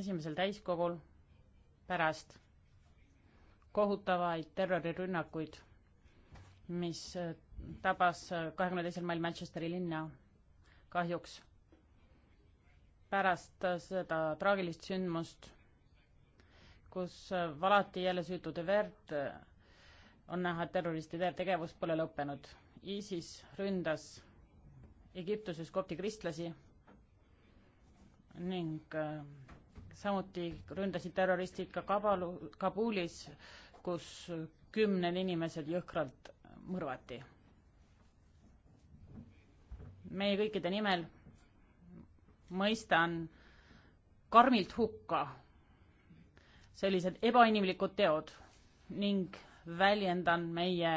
esimesel täiskogul pärast kohutavaid terrorirünnakuid, mis äh, tabas äh, kahekümne teisel mail Manchesteri linna kahjuks. pärast äh, seda traagilist sündmust, kus valati jälle süütude verd, on näha, et terroristide tegevus pole lõppenud. ISIS ründas Egiptuses kopti kristlasi ning samuti ründasid terroristid ka Kabalu, Kabulis, kus kümned inimesed jõhkralt mõrvati. meie kõikide nimel mõistan karmilt hukka sellised ebainimlikud teod ning väljendan meie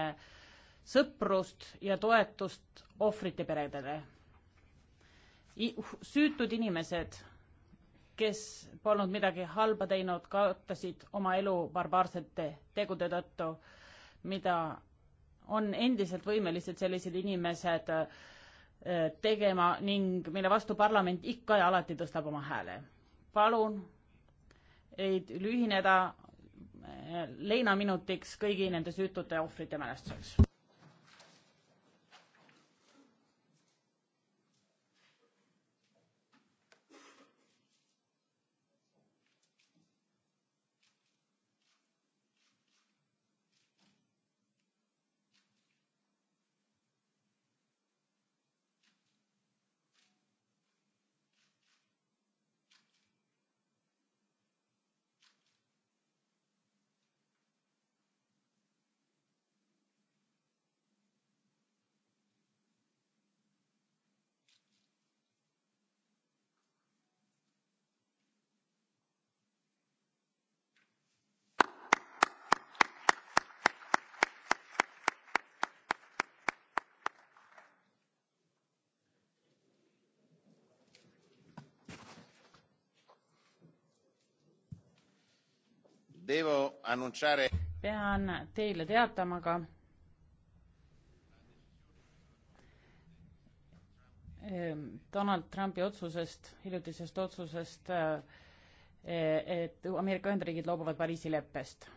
sõprust ja toetust ohvrite peredele. süütud inimesed kes polnud midagi halba teinud, kaotasid oma elu barbaarsete tegude tõttu, mida on endiselt võimelised sellised inimesed äh, tegema ning mille vastu parlament ikka ja alati tõstab oma hääle. palun teid lühineda äh, leinaminutiks kõigi nende süütute ohvrite mälestuseks. Annunciare... pean teile teatama ka, ehm, Donald Trumpi otsusest, hiljutisest otsusest, eh, et Ameerika Ühendriigid loobuvad Pariisi leppest